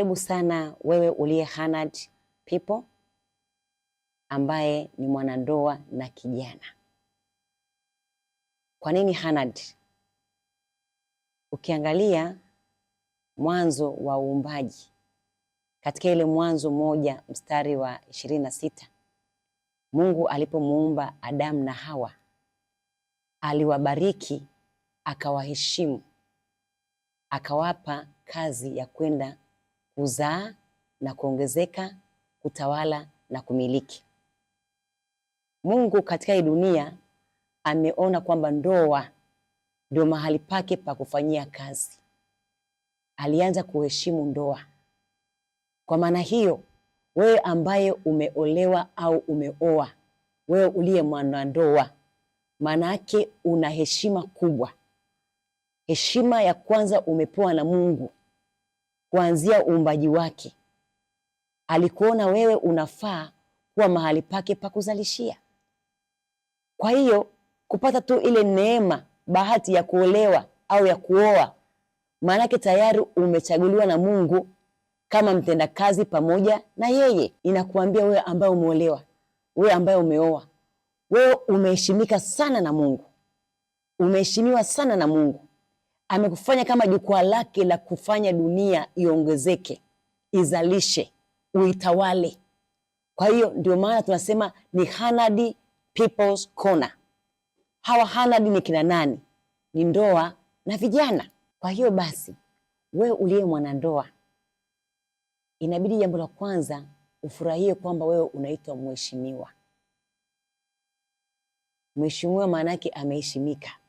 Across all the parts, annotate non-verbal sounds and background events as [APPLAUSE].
Karibu sana wewe uliye Hanad People ambaye ni mwanandoa na kijana. Kwa nini Hanad? Ukiangalia mwanzo wa uumbaji katika ile Mwanzo moja mstari wa ishirini na sita Mungu alipomuumba Adamu na Hawa aliwabariki, akawaheshimu, akawapa kazi ya kwenda kuzaa na kuongezeka, kutawala na kumiliki. Mungu katika hii dunia ameona kwamba ndoa ndio mahali pake pa kufanyia kazi. Alianza kuheshimu ndoa. Kwa maana hiyo, wewe ambaye umeolewa au umeoa, wewe uliye mwanandoa, maana yake una heshima kubwa. Heshima ya kwanza umepewa na Mungu kuanzia uumbaji wake alikuona wewe unafaa kuwa mahali pake pa kuzalishia. Kwa hiyo kupata tu ile neema, bahati ya kuolewa au ya kuoa, maanake tayari umechaguliwa na Mungu kama mtendakazi pamoja na yeye. Inakuambia wewe ambaye umeolewa, wewe ambaye umeoa, wewe umeheshimika sana na Mungu, umeheshimiwa sana na Mungu amekufanya kama jukwaa lake la kufanya dunia iongezeke, izalishe, uitawale. Kwa hiyo ndio maana tunasema ni Hanadi People's Corner. Hawa Hanadi ni kina nani? Ni ndoa na vijana. Kwa hiyo basi, wewe uliye mwanandoa, inabidi jambo la kwanza ufurahie kwamba wewe unaitwa mheshimiwa. Mheshimiwa maana yake ameheshimika.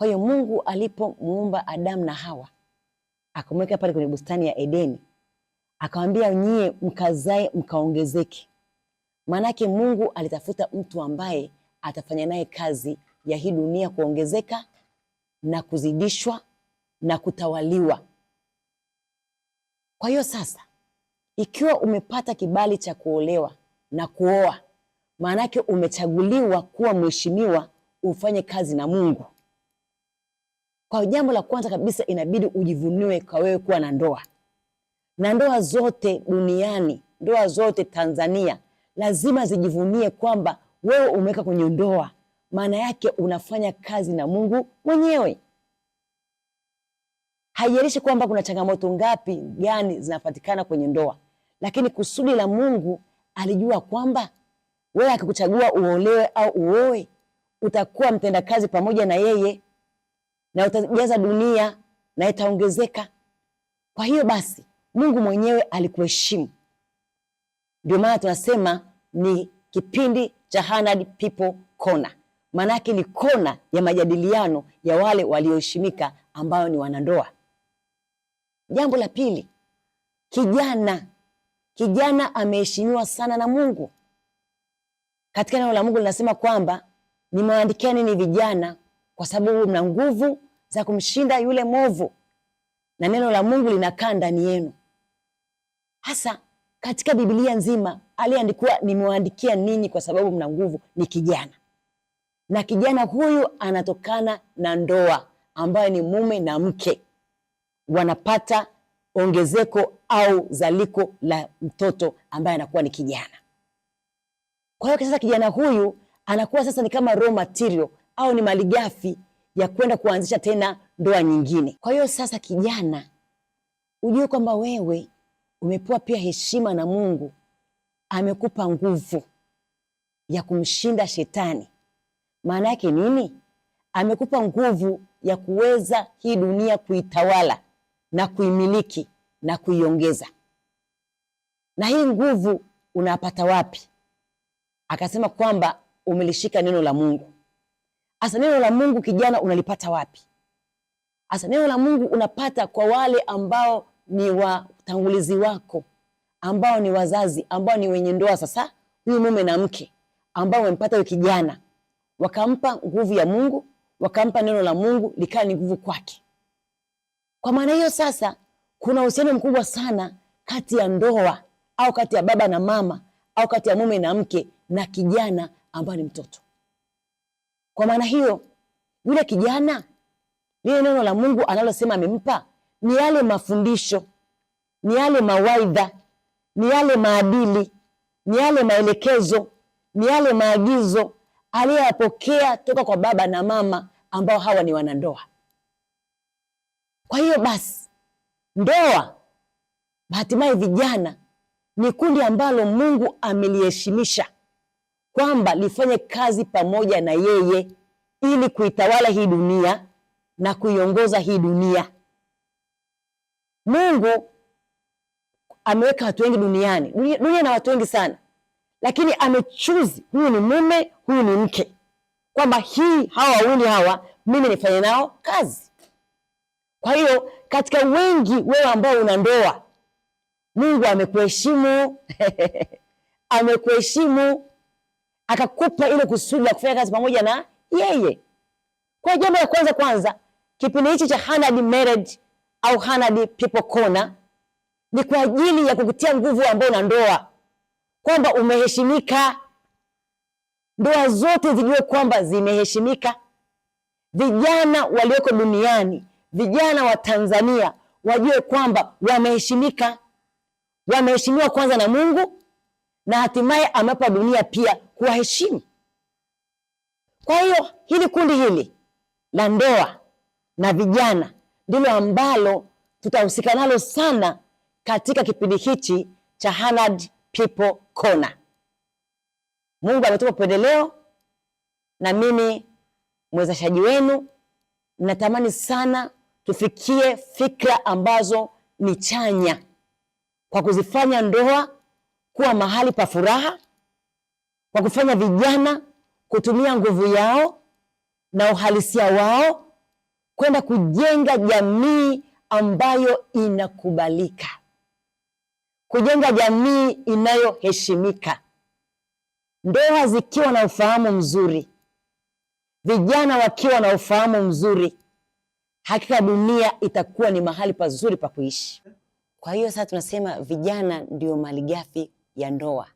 Kwa hiyo Mungu alipomuumba Adamu na Hawa akamweka pale kwenye bustani ya Edeni, akawambia nyie mkazae mkaongezeke. Maanake Mungu alitafuta mtu ambaye atafanya naye kazi ya hii dunia, kuongezeka na kuzidishwa na kutawaliwa. Kwa hiyo sasa, ikiwa umepata kibali cha kuolewa na kuoa, maanake umechaguliwa kuwa mheshimiwa, ufanye kazi na Mungu. Kwa jambo la kwanza kabisa, inabidi ujivunue kwa wewe kuwa na ndoa, na ndoa zote duniani, ndoa zote Tanzania lazima zijivunie kwamba wewe umeweka kwenye ndoa. Maana yake unafanya kazi na Mungu mwenyewe. Haijalishi kwamba kuna changamoto ngapi gani zinapatikana kwenye ndoa, lakini kusudi la Mungu alijua kwamba wewe akikuchagua uolewe au uoe, utakuwa mtendakazi pamoja na yeye na utajaza dunia na itaongezeka. Kwa hiyo basi Mungu mwenyewe alikuheshimu. Ndio maana tunasema ni kipindi cha Hanad People Corner, yake ni kona ya majadiliano ya wale walioheshimika ambao ni wanandoa. Jambo la pili, kijana. Kijana ameheshimiwa sana na Mungu. Katika neno la Mungu linasema kwamba nimewaandikia nini vijana kwa sababu mna nguvu za kumshinda yule mwovu na neno la Mungu linakaa ndani yenu. Hasa katika Biblia nzima aliandikwa nimewaandikia ninyi kwa sababu mna nguvu ni kijana, na kijana huyu anatokana na ndoa ambayo ni mume na mke wanapata ongezeko au zaliko la mtoto ambaye anakuwa ni kijana. Kwa hiyo sasa kijana huyu anakuwa sasa ni kama raw material au ni malighafi ya kwenda kuanzisha tena ndoa nyingine. Kwa hiyo sasa, kijana, ujue kwamba wewe umepewa pia heshima na Mungu, amekupa nguvu ya kumshinda shetani. Maana yake nini? Amekupa nguvu ya kuweza hii dunia kuitawala na kuimiliki na kuiongeza. Na hii nguvu unapata wapi? Akasema kwamba umelishika neno la Mungu. Asa neno la Mungu kijana, unalipata wapi? Asa neno la Mungu unapata kwa wale ambao ni watangulizi wako, ambao ni wazazi, ambao ni wenye ndoa. Sasa huyu mume na mke ambao wamempata huyo kijana, wakampa nguvu ya Mungu, wakampa neno la Mungu likawa ni nguvu kwake. Kwa maana hiyo sasa kuna uhusiano mkubwa sana kati ya ndoa au kati ya baba na mama au kati ya mume na mke na kijana ambaye ni mtoto. Kwa maana hiyo, yule kijana, lile neno la Mungu analosema amempa ni yale mafundisho, ni yale mawaidha, ni yale maadili, ni yale maelekezo, ni yale maagizo aliyoyapokea toka kwa baba na mama ambao hawa ni wanandoa. Kwa hiyo basi, ndoa hatimaye, vijana ni kundi ambalo Mungu ameliheshimisha kwamba lifanye kazi pamoja na yeye ili kuitawala hii dunia na kuiongoza hii dunia. Mungu ameweka watu wengi duniani, dunia na watu wengi sana, lakini amechuzi, huyu ni mume, huyu ni mke, kwamba hii hawa wawili hawa mimi nifanye nao kazi. Kwa hiyo katika wengi, wewe ambao una ndoa, Mungu amekuheshimu [LAUGHS] amekuheshimu akakupa ile kusudi la kufanya kazi pamoja na yeye. Kwa jambo la kwanza kwanza, kipindi hichi cha Hanad Married au Hanad People Corner ni kwa ajili ya kukutia nguvu ambayo na ndoa, kwamba umeheshimika. Ndoa zote zijue kwamba zimeheshimika. Vijana walioko duniani, vijana wa Tanzania wajue kwamba wameheshimika, wameheshimiwa kwanza na Mungu na hatimaye amewapa dunia pia kuwaheshimu. Kwa hiyo hili kundi hili la ndoa na vijana ndilo ambalo tutahusika nalo sana katika kipindi hichi cha Hanad People Corner. Mungu ametupa upendeleo, na mimi mwezeshaji wenu natamani sana tufikie fikra ambazo ni chanya kwa kuzifanya ndoa kuwa mahali pa furaha kwa kufanya vijana kutumia nguvu yao na uhalisia wao kwenda kujenga jamii ambayo inakubalika, kujenga jamii inayoheshimika. Ndoa zikiwa na ufahamu mzuri, vijana wakiwa na ufahamu mzuri, hakika dunia itakuwa ni mahali pazuri pa kuishi. Kwa hiyo sasa tunasema vijana ndio malighafi ya ndoa.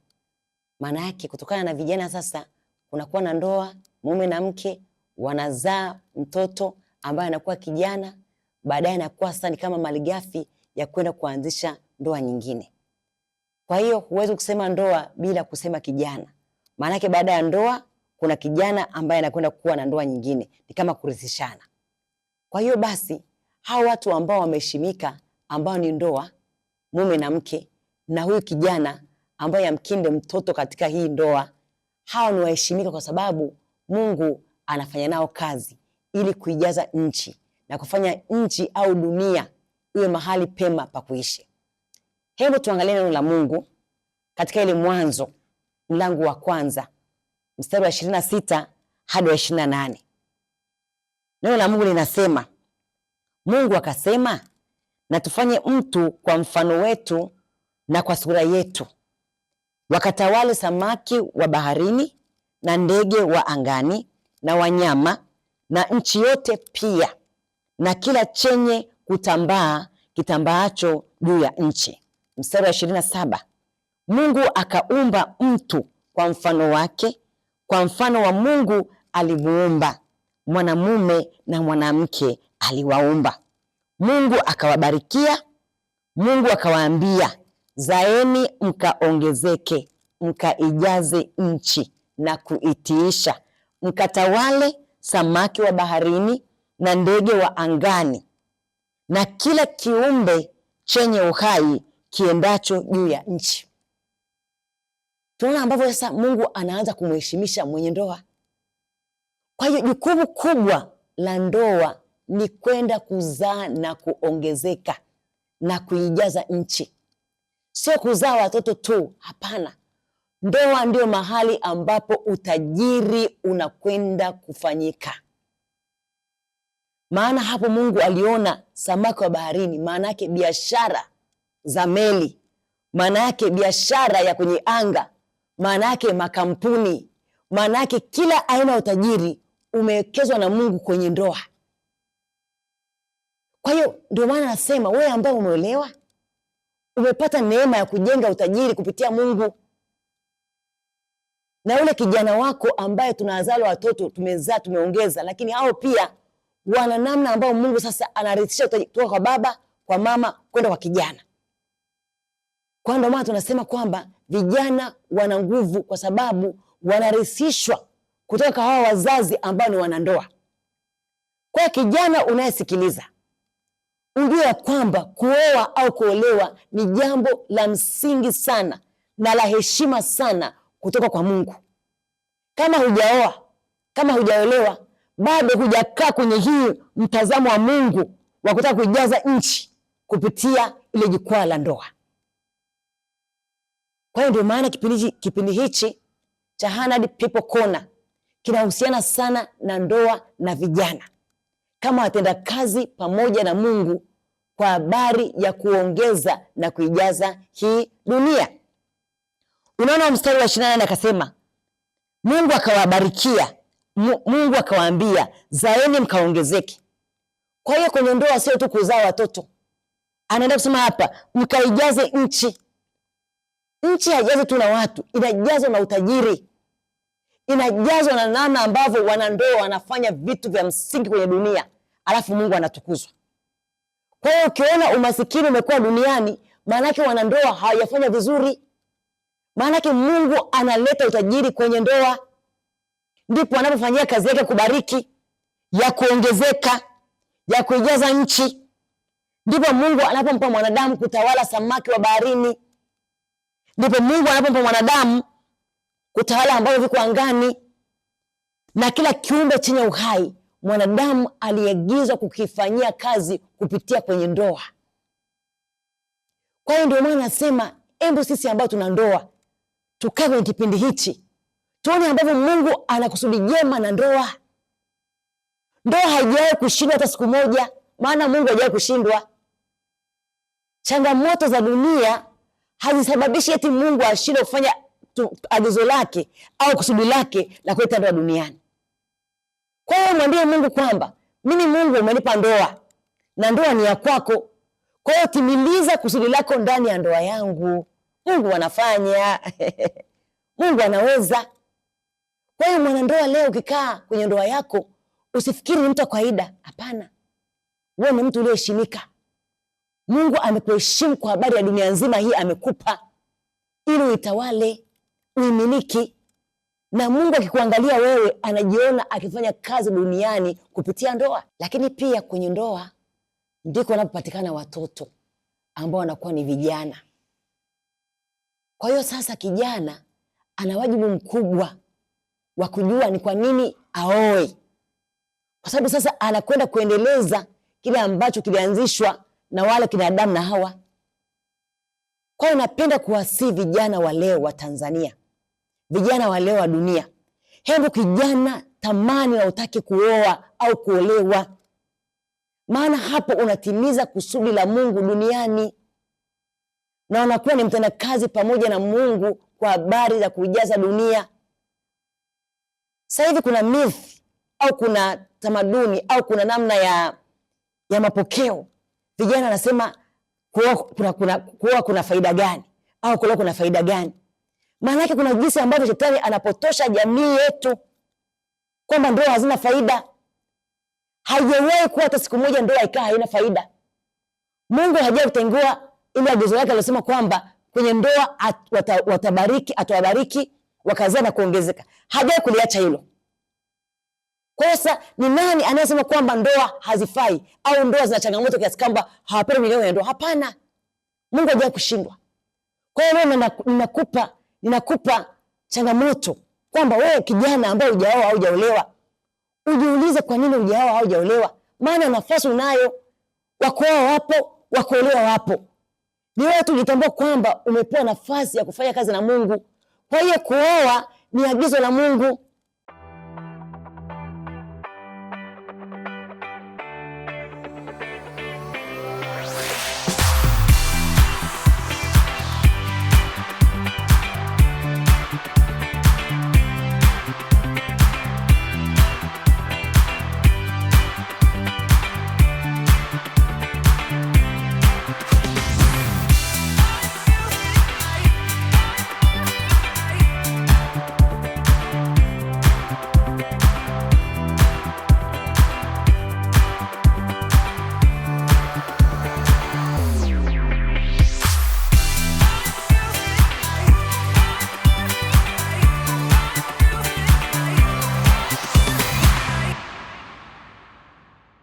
Maana yake kutokana na vijana sasa kunakuwa na ndoa, mume na mke wanazaa mtoto ambaye anakuwa kijana, baadaye anakuwa sasa ni kama malighafi ya kwenda kuanzisha ndoa nyingine. Kwa hiyo huwezi kusema ndoa bila kusema kijana, maana yake baada ya ndoa kuna kijana ambaye anakwenda kuwa na ndoa nyingine, ni kama kurithishana. Kwa hiyo basi hao watu ambao wameheshimika ambao ni ndoa, mume na mke na huyu kijana ambayo amkinde mtoto katika hii ndoa, hawa ni waheshimika kwa sababu Mungu anafanya nao kazi ili kuijaza nchi na kufanya nchi au dunia iwe mahali pema pa kuishi. Hebu tuangalie neno la Mungu katika ile Mwanzo mlango wa kwanza mstari wa 26 na sita hadi wa 28. Neno la Mungu linasema, Mungu akasema, na tufanye mtu kwa mfano wetu na kwa sura yetu, wakatawale samaki wa baharini na ndege wa angani na wanyama na nchi yote pia na kila chenye kutambaa kitambaacho juu ya nchi. Mstari wa ishirini na saba Mungu akaumba mtu kwa mfano wake, kwa mfano wa Mungu alimuumba, mwanamume na mwanamke aliwaumba. Mungu akawabarikia, Mungu akawaambia, zaeni mkaongezeke, mkaijaze nchi na kuitiisha, mkatawale samaki wa baharini na ndege wa angani na kila kiumbe chenye uhai kiendacho juu ya nchi. Tunaona ambavyo sasa Mungu anaanza kumheshimisha mwenye ndoa. Kwa hiyo jukumu kubwa la ndoa ni kwenda kuzaa na kuongezeka na kuijaza nchi sio kuzaa watoto tu, hapana. Ndoa ndio mahali ambapo utajiri unakwenda kufanyika, maana hapo Mungu aliona samaki wa baharini, maana yake biashara za meli, maana yake biashara ya kwenye anga, maana yake makampuni, maana yake kila aina ya utajiri umewekezwa na Mungu kwenye ndoa. Kwa hiyo ndio maana nasema wewe ambaye umeolewa umepata neema ya kujenga utajiri kupitia Mungu. Na yule kijana wako ambaye tunawazala watoto, tumezaa, tumeongeza, lakini hao pia wana namna ambayo Mungu sasa anarithisha kutoka kwa baba, kwa mama kwenda kwa kijana. Kwa ndio maana tunasema kwamba vijana wana nguvu, kwa sababu wanarithishwa kutoka kwa wazazi ambao ni wanandoa. Kwa kijana unayesikiliza Ujua ya kwamba kuoa au kuolewa ni jambo la msingi sana na la heshima sana kutoka kwa Mungu. Kama hujaoa, kama hujaolewa, bado hujakaa kwenye hii mtazamo wa Mungu wa kutaka kuijaza nchi kupitia ile jukwaa la ndoa. Kwa hiyo ndio maana kipindi, kipindi hichi cha Hanad People Corner kinahusiana sana na ndoa na vijana kama watenda kazi pamoja na Mungu kwa habari ya kuongeza na kuijaza hii dunia. Unaona mstari wa 28 na akasema, Mungu akawabarikia, Mungu akawaambia zaeni mkaongezeke. Kwa hiyo kwenye ndoa sio tu kuzaa watoto, anaenda kusema hapa mkaijaze nchi. Nchi haijazi tu na watu, inajazwa na utajiri, inajazwa na namna ambavyo wanandoa wanafanya vitu vya msingi kwenye dunia alafu Mungu anatukuzwa. Kwa hiyo ukiona umasikini umekuwa duniani, maanake wanandoa hawajafanya vizuri, maanake Mungu analeta utajiri kwenye ndoa, ndipo anapofanyia kazi yake kubariki, ya kuongezeka, ya kuijaza nchi, ndipo Mungu anapompa mwanadamu kutawala samaki wa baharini, ndipo Mungu anapompa mwanadamu kutawala ambavyo viko angani na kila kiumbe chenye uhai mwanadamu aliagizwa kukifanyia kazi kupitia kwenye ndoa. Kwa hiyo ndio maana nasema embu sisi ambao tuna ndoa tukae kwenye kipindi hichi, tuone ambavyo Mungu ana kusudi jema na ndoa. Ndoa haijawahi kushindwa hata siku moja, maana Mungu hajawahi kushindwa. Changamoto za dunia hazisababishi eti Mungu ashindwe kufanya agizo lake au kusudi lake la kuleta ndoa duniani. Kwa hiyo mwambie Mungu kwamba mimi Mungu umenipa ndoa na ndoa ni ya kwako, kwa hiyo timiliza kusudi lako ndani ya ndoa yangu. Mungu anafanya [LAUGHS] Mungu anaweza. Kwa hiyo mwanandoa, leo ukikaa kwenye ndoa yako usifikiri ni mtu wa kawaida. Hapana, wewe ni mtu ulioheshimika. Mungu amekuheshimu kwa habari ya dunia nzima hii, amekupa ili uitawale, uimiliki na Mungu akikuangalia wewe anajiona akifanya kazi duniani kupitia ndoa. Lakini pia kwenye ndoa ndiko wanapopatikana watoto ambao wanakuwa ni vijana. Kwa hiyo sasa, kijana ana wajibu mkubwa wa kujua ni kwa nini aoe, kwa sababu sasa anakwenda kuendeleza kile ambacho kilianzishwa na wale kina Adamu na Hawa. Kwa hiyo napenda kuwasihi vijana wa leo wa Tanzania vijana wa leo wa dunia. Hebu kijana, tamani na utake kuoa au kuolewa, maana hapo unatimiza kusudi la Mungu duniani na unakuwa ni mtendakazi pamoja na Mungu kwa habari za kuijaza dunia. Sasa hivi kuna myth au kuna tamaduni au kuna namna ya, ya mapokeo vijana wanasema kuoa kuna, kuna, kuna faida gani au kuoa kuna faida gani? Maanake kuna jinsi ambavyo shetani anapotosha jamii yetu kwamba ndoa hazina faida. Haijawahi kuwa hata siku moja ndoa ikaa haina faida. Mungu hajawahi kutengua ile agizo lake aliosema kwamba kwenye ndoa at, wata, watabariki atawabariki wakazaa na kuongezeka. Hajawahi kuliacha hilo. Kosa ni nani anayesema kwamba ndoa hazifai au ndoa zina changamoto kiasi kwamba hawapendi milioni ya ndoa? Hapana, Mungu hajawahi kushindwa. Kwa hiyo ninakupa ninakupa changamoto kwamba wewe kijana ambaye hujaoa au hujaolewa ujiulize, kwa nini hujaoa au hujaolewa? Maana nafasi unayo, wakuoa wapo, wakuolewa wapo. Ni wewe ujitambua kwamba umepewa nafasi ya kufanya kazi na Mungu. Kwa hiyo kuoa ni agizo la Mungu,